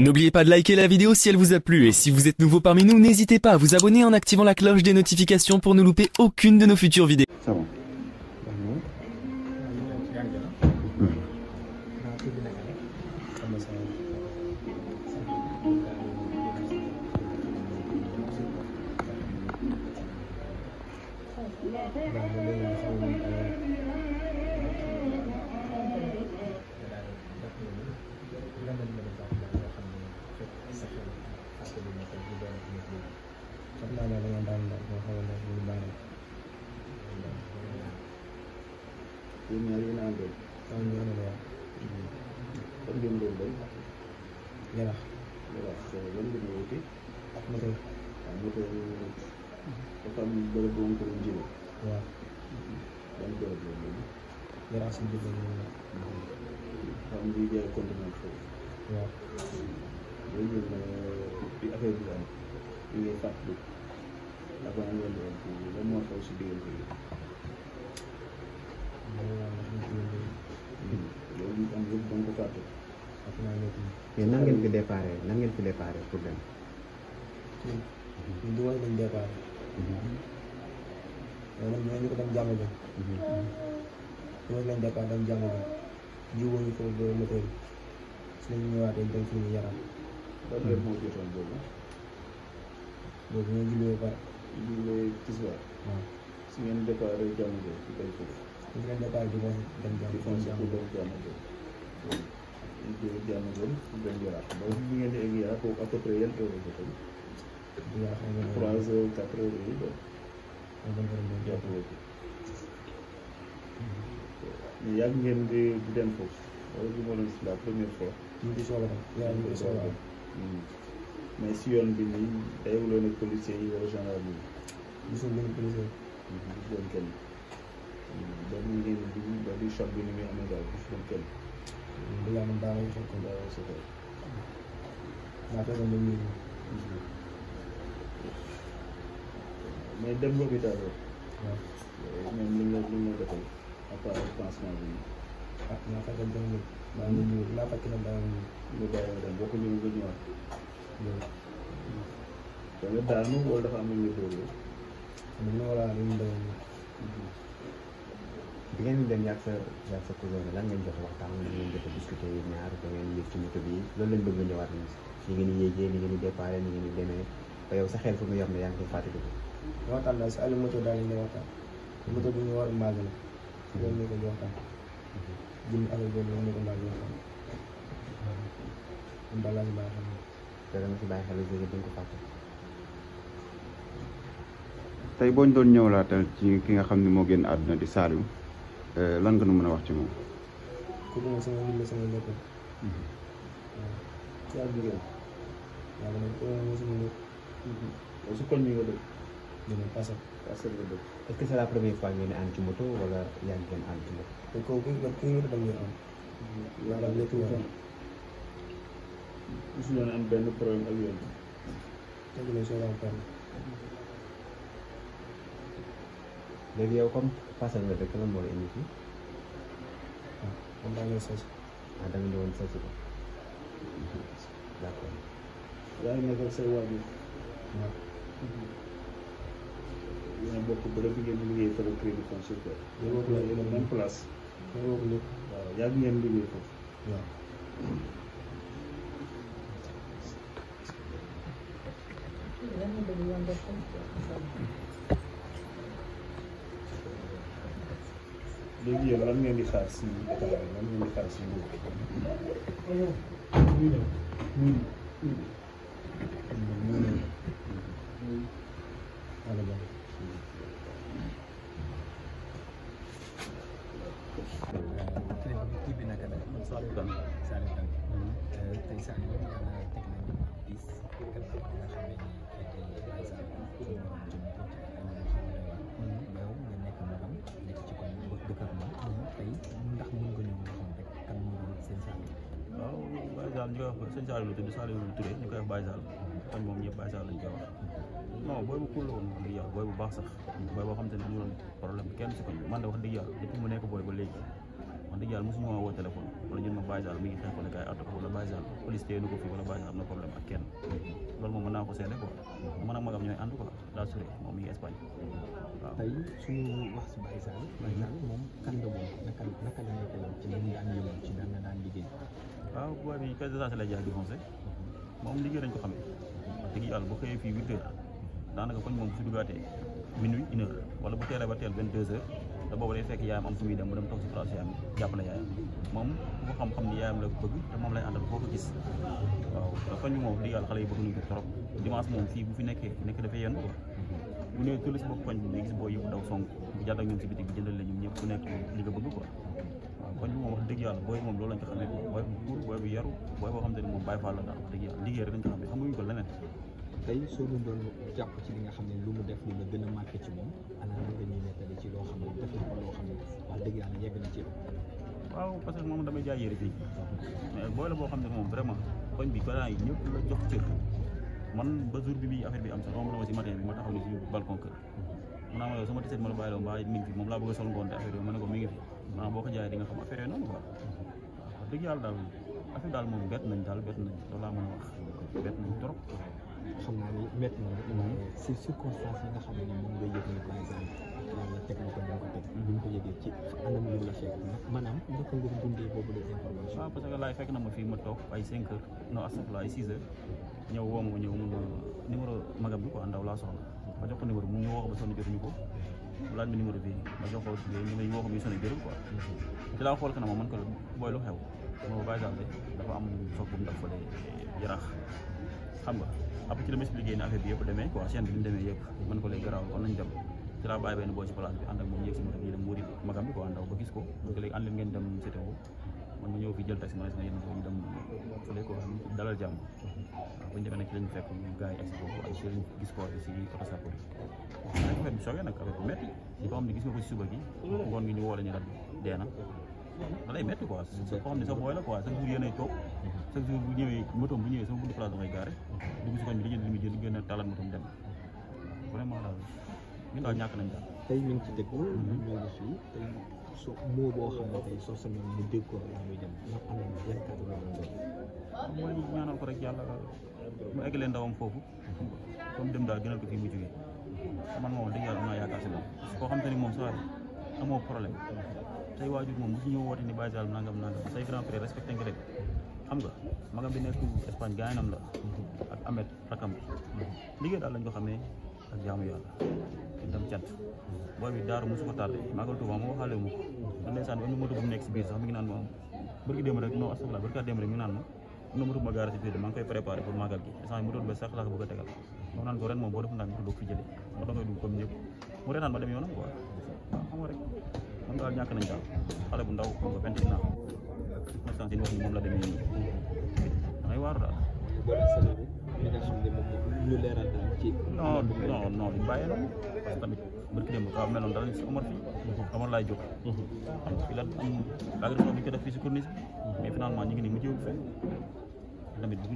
N'oubliez pas de liker la vidéo si elle vous a plu et si vous êtes nouveau parmi nous, n'hésitez pas à vous abonner en activant la cloche des notifications pour ne louper aucune de nos futures vidéos. yéen ñaar yéen a àndoon. waaw ñu àndoon waaw. fan ngeen doon dem. jarax. jarax lan ngeen doon wuti. ak moto yi. waaw moto yi dafa am bërëb bu mu ko doon jëlee. waaw. ban bërëb la loolu. jarax si biir la ñu am ñuy jaay condiment foofu. waaw. loolu yëpp bi affaire bi am ñu ngi fàttali avant ngeen doon lan moo xew si diggante bi. loolu ñu am yëpp danga ko fàtte mais nan ngeen fi déparé nan ngeen fi déparé pour dem ñu dugal lañ déparé loolu nag ñooñu ko dem jàmm bi dugal lañ déparé dem jàmm bi jiwóoñu foofu ba moteur yi si lañu ñëwaatee boobu ñoo jullee ba jullee tisbaar waaw su ngeen déparé jàmm bi ci bay foofu ñu leen di bàyyi di ko dem jàmm foofu jàmm jàmm dem Yaraax ba ñu ngeen di egg Yaraax kooku à peu près yaa xam ngeen di di foofu wala si yoon bi nii dayoo leen ak policiers yi wala gendarmerie. gisul leen policier. gisul leen kenn. ba muy réew bi ba di choc bi ni muy amee daal foofu lañ kenn. li nga xam ne daanaka fekk na daal sa tool. maa fekk na ñu. mais dem nga hôpital la. waaw même li nga li nga defal à part pansement bi. ah naa fekk dem nga. maa ngi ñëw naa fekk na daa ngi ñu bàyyi dem boo ko ñëwee nga ñëwaat. da nga daanu wala dafa am lu ñu dóor la. am na ñu war a bi ngeen dem yàgg lan ngeen jot waxtaan lan ngeen jot a discuter yéen ñaar da ngeen yéeg ci bi loolu lañ bëgg nga ñëwaat nii si ngeen di yéegee ni ngeen di déparé ni ngeen di demee ba yow sa xel fu mu yor ne yaa ngi koy fàttaliku. waxtaan la si àll moto daal a mbaal la loolu ko di ko tey boo ñu doon ñëwlaatal ci ki nga xam ne moo génn àdduna di Saliou Euh, lan nga nu mën a wax ci moom. kooku mooy sama nit la sama lépp. ci ak jigéen waaw man su koñ bi nga dëkk. dina passé. nga dëkk. est-ce que c'est la première fois ngeen ànd ci moto wala yaa ngi am. yàlla nekk ñu am. mosu ñu am benn problème ak léegi yow kon passage nga dëkk la moo la indi fii. ah man daa ngay nga ñëwoon sas ko. d' accord. yaa ngi nekk ak say waajur. waaw. Mm-hmm. yéen a bokk bërëb bi ngeen liggéey fële crédit foncier quoi. yéen a bokk yéen a même place. yéen a bokk lépp. waaw yàgg ngeen liggéey foofu. léegi yéen lan ngeen di xaar si état bi lan ngeen di xaar si nguur bi yaakaar naa tey ndax mën nga ñëw nga xam rek kan moo doon seen Saliou. waaw Baye Sall ñu koy wax seen Saliou Touré Saliou Touré ñu koy wax Baye Sall kon moom ñëpp Baye Sall lañ koy wax non booy bu cool la woon wax dëgg yàlla booy bu baax sax booy boo xam te ne amuloon problème kenn si koñ man de wax dëgg yàlla depuis mu nekk booy ba léegi wax dëgg yàlla mosuñu ma woo téléphone wala ñun ma Baye Sall mi ngi xeex wala kaay àtt ko wala Baye Sall police téye na ko fii wala Baye Sall am na problème ak moom mën naa ko seede man ak magam ñooy ànd quoi daa sure moom mi ngi nga woon naka naka la nekk ci li mu daan la ko xamee wax dëgg yàlla bu xëyee fii huit heures daanaka koñ moom su dugaatee minuit une heure wala bu teelee ba teel vingt deux heures te boobu day fekk yaayam am fu dem mu dem toog si place yaayam jàppale yaayam moom ku ko xam-xam ni yaayam la bëgg te moom lay àndal foo ko gis waaw te koñ bi moom di xale yi bëgg nañ ko trop dimanche moom fii bu fi nekkee nekk dafa yenn ko mhm. bu ne tulli si bopp koñ bi gis boo yëpp daw song bu jàdd ak ñoom si bitig bi jëndal la ñëpp ku nekk li nga bëgg quoi koñ bi moom wax dëgg yàlla booy moom loolu lañ ko xamee booy bu kuur booy bu ci li nga xam ne lu def lu a marqué ci moom ana lan nga wax dëgg yàlla yegg que moom damay jaay yére fii mais boo xam ne moom vraiment koñ bi parents ñëpp la jox cër man ba jour bi bi affaire bi am sax romb na ma taxaw ni si balcon kër mu naa ma yow sama tiset ma la bàyyi la ma ne ngi fi maanaam boo ko jaayee di nga xam affaire noonu yàlla daal affaire daal moom bett nañ daal bett nañ loolu a wax bett nañ trop. xam nga xam ne ni par exemple yàlla teg na ko da ko teg mhm. ci maanaam naka nga boobu la information waaw parce que laay fekk na ma fii ma toog ay cinq heures non astafurlah ay six heures ñëw woo ma ñëw mun ma numéro magam bi quoi ndaw laa soxla ma jox ko numéro mu ñu woo ba sonn jotuñu ko mu ma numéro bii ma jox ko bii ñu ngi woo ko muy sonné béréb quoi. ci laa xool kanam man ko booy lu xew. moo bàyyi dafa am soog bu mu def fële yaraax xam nga après ci la ma expliqué ne affaire bi yëpp demee quoi chaîne bi ni demee yëpp man ko lay garaaw kon nañ dem ci laa bàyyi benn booy si place bi ànd ak moom yéeg si moto bi dem wóori magam bi quoi ndaw ba gis ko léegi ànd ngeen dem CTO man ma ñëw fi jël taxi ma ne sama yenn boobu fekk ñu gars yi agsi foofu ak ci bi choqué nag affaire bu métti di ko xam ne gis nga ko si suba gi ngoon gi ñu woo la ñu la dee na da lay métti quoi soo xam ne sa booy la quoi chaque bu ñëwee moto bu ñëwee sama buntu bi li jël li muy jël gën a talat moto ñàkk nañ daal ñu ngi ci dëkk ñu soo moo boo xamante ni soo ko yaa ngi dem ndax am nañu vingt quatre millions foofu comme dem daal gënal ko fii mu jógee moom dëgg yàlla am naa yaakaar si moom ni moom saa amoo problème say waajur moom mosu ñëw woote ni bàyyi sal nangam nangam say grand frère respecté nga rek xam nga magam bi nekk Espagne gaynam la ak Ahmed rakam liggéey daal lañ ko xamee ak jaamu yàlla dem cant booy bi daaru mosu ko tardé màggal Tuuba moom waxaale wu ma ko na moto bu nekk si biir sax mi ngi naan ma barki démb rek rek mi naan ma am na moto bu ma gaara si biir maa ngi koy préparé pour màggal gi instant moto bi sax laa ko bëgg a tegal ma naan ko ren moom boo def ndànk doo ko fi jëlee ma dangay dugg comme ñëpp mu renaan ma dem yoonam quoi waaw xam daal ñàkk nañ daal bu ndaw xam nga vingt-huit ans instance yi moom la demee nii li nga xam ne moom parce que tamit barki démb xaw meloon dara mu mhm. jéem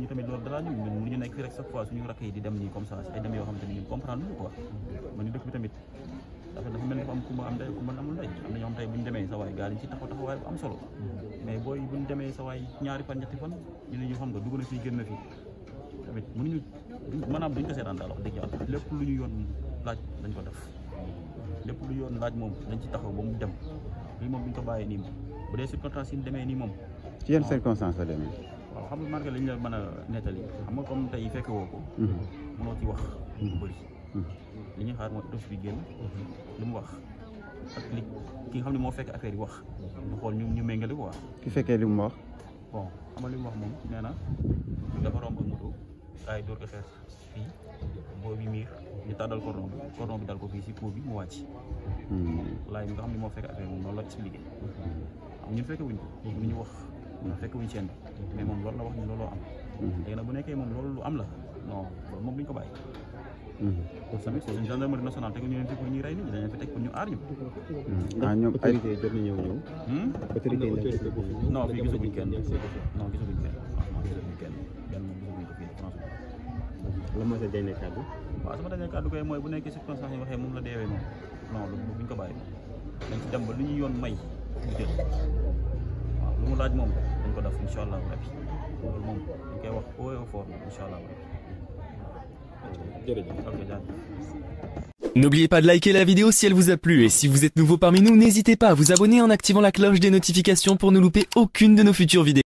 mhm. ñu mhm. nekk rek chaque fois rakk yi di dem nii comme ça ay dem yoo xam te ne ñun comprendre na ñoo tamit mënuñu maanaam duñ ko seetaan daal wax dëgg yàlla lépp lu ñu yoon laaj dañ ko def lépp lu yoon laaj moom dañ ci taxaw ba mu dem lii moom duñ ko bàyyee nii moom bu dee circonstance yi demee nii moom. ci yenn circonstance la demee. waaw xam nga marqué lañ la mën a nettali xam nga comme tey fekke woo ko. Mhm. mënoo ci wax lu mhm. bëri. Mhm. li ñuy xaar mooy autopsie bi génn lu mu wax ak li ki nga xam ne moo fekk affaire yi wax ñu xool ñu ñu ko quoi. ki fekkee li mu wax. bon xam nga ay dóor ko xeer fii boobu miir ñu tàddal cordon bi cordon bi dal ko fii si pot bi mu wàcc hmm. laay mi nga xam ne moo fekk affaire moom loolu la expliqué am hmm. ñun fekke wuñ ko ñu wax ndax hmm. fekk wuñ seen bi mais moom loolu la wax ñu looloo am léegi bu nekkee moom loolu lu am la non loolu moom luñ ko bàyyi pour tamit suñu gendarmerie nationale tegu ñu leen fi pour ñuy rey nit ñi dañu fi teg pour ñu aar ñu. ah ñoom autorité yi jot na ñëw ñëw. autorité yi non fii gisaguñ kenn non gisaguñ kenn. lan mooy sa dernier kàddu. waaw sama dernier kàddu koy mooy bu nekkee circonstance yi ba lu ñu yoon may ñu jël waaw mu laaj moom dañ ko def incha koy wax haut et fort incha N'oubliez pas de liker la vidéo si elle vous a plu et si vous êtes nouveau parmi nous, n'hésitez pas à vous abonner en activant la cloche des notifications pour ne louper aucune de nos futures vidéos.